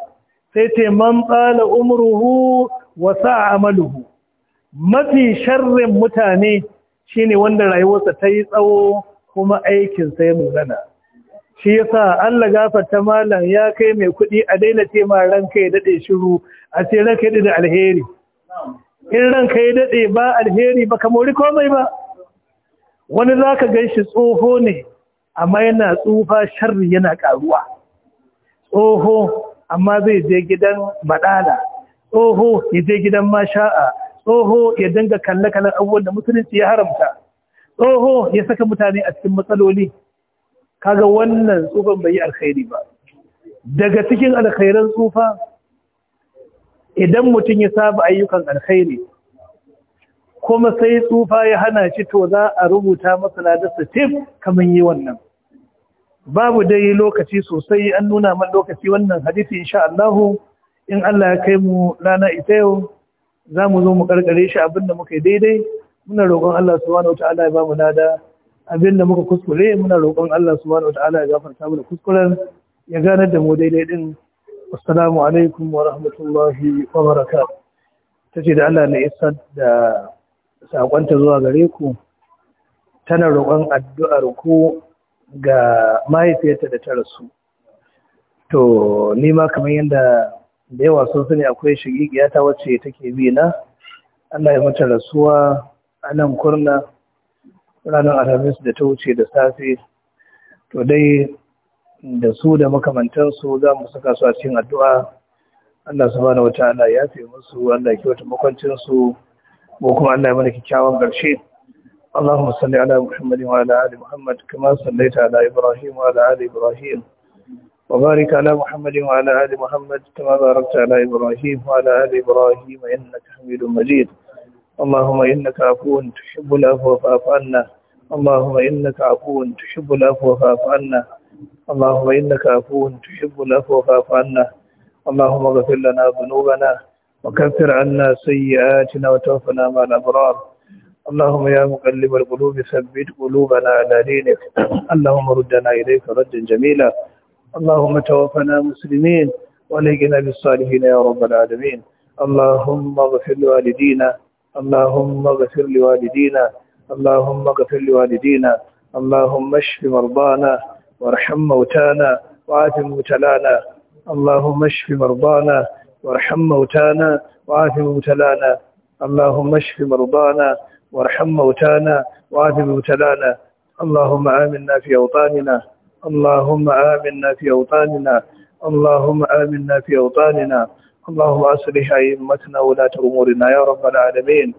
sai ce man tsala umruhu wa sa'a amaluhu mafi sharrin mutane shine wanda rayuwarsa ta yi tsawo kuma aikinsa ya nuna shi yasa Allah gafarta malam ya kai mai kuɗi a daina ce ma ranka ya dade shiru a ce ranka ya da alheri in ranka ya daɗe ba alheri ba ka mori komai ba wani za ka gan shi tsoho ne amma yana tsufa sharri yana ƙaruwa tsoho amma zai je gidan baɗala tsoho ya je gidan masha'a tsoho ya dinga kalle-kallen abubuwan da musulunci ya haramta tsoho ya saka mutane a cikin matsaloli kaga wannan tsufan bai yi alkhairi ba daga cikin alkhairan tsufa idan mutum ya saba ayyukan alkhairi kuma sai tsufa ya hana shi to za a rubuta masa ladarsa tif kamar yi wannan babu dai lokaci sosai an nuna man lokaci wannan hadisi insha Allah in Allah ya kai mu rana ita yau za mu zo mu karkare shi abinda muka daidai muna roƙon Allah subhanahu wataala ya ba mu lada abinda muka kuskure muna roƙon Allah subhanahu wataala ya gafarta mana kuskuren ya ganar da mu daidai din assalamu alaikum wa rahmatullahi wa Ta tace da Allah ne isa da sakonta zuwa gare ku tana roƙon addu'ar ku ga mahaifiyarta da ta rasu to ni ma kamar yadda da yawa sun sani akwai shigigiya ta wacce take bi na Allah ya mata rasuwa a nan kurna ranar alhamis da ta wuce da safe to dai da su da makamantansu za mu saka su a cikin addu'a Allah subhanahu wata'ala ya fi musu Allah ya wata makwancin su ko kuma Allah ya mana kyakkyawan ƙarshe Allahumma salli ala Muhammadin wa ala ali Muhammad kama sallaita ala Ibrahim wa ala ali Ibrahim wa barik ala Muhammad wa ala ali Muhammad kama barakta ala Ibrahim wa ala ali Ibrahim innaka Hamidum Majid Allahumma innaka afuwun tuhibbul afwa fa'fu anna Allahumma innaka afuwun tuhibbul afwa fa'fu anna اللهم إنك عفو تحب العفو فاعف عنا اللهم اغفر لنا ذنوبنا وكفر عنا سيئاتنا وتوفنا مع الأبرار اللهم يا مقلب القلوب ثبت قلوبنا على دينك اللهم ردنا إليك ردا جميلا اللهم توفنا مسلمين وليقنا بالصالحين يا رب العالمين اللهم اغفر لوالدينا اللهم اغفر لوالدينا اللهم اغفر لوالدينا اللهم اشف مرضانا وارحم موتانا وعاف مبتلانا اللهم اشف مرضانا وارحم موتانا وعاف مبتلانا اللهم اشف مرضانا وارحم موتانا وعاف مبتلانا اللهم آمنا في أوطاننا اللهم آمنا في أوطاننا اللهم آمنا في أوطاننا اللهم أصلح أئمتنا ولاة أمورنا يا رب العالمين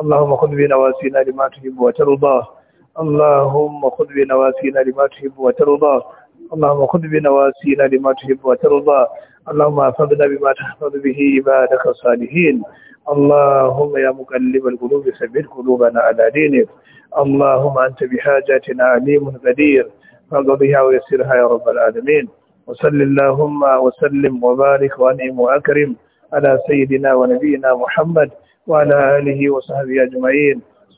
اللهم خذ بنا واسينا لما تحب وترضاه اللهم خذ بنواسينا لما تحب وترضى اللهم خذ بنواسينا لما تحب وترضى اللهم احفظنا بما تحفظ به عبادك الصالحين اللهم يا مقلب القلوب ثبت قلوبنا على دينك اللهم انت بحاجاتنا عليم قدير فاقضها ويسرها يا رب العالمين وصل اللهم وسلم وبارك وانعم واكرم على سيدنا ونبينا محمد وعلى اله وصحبه اجمعين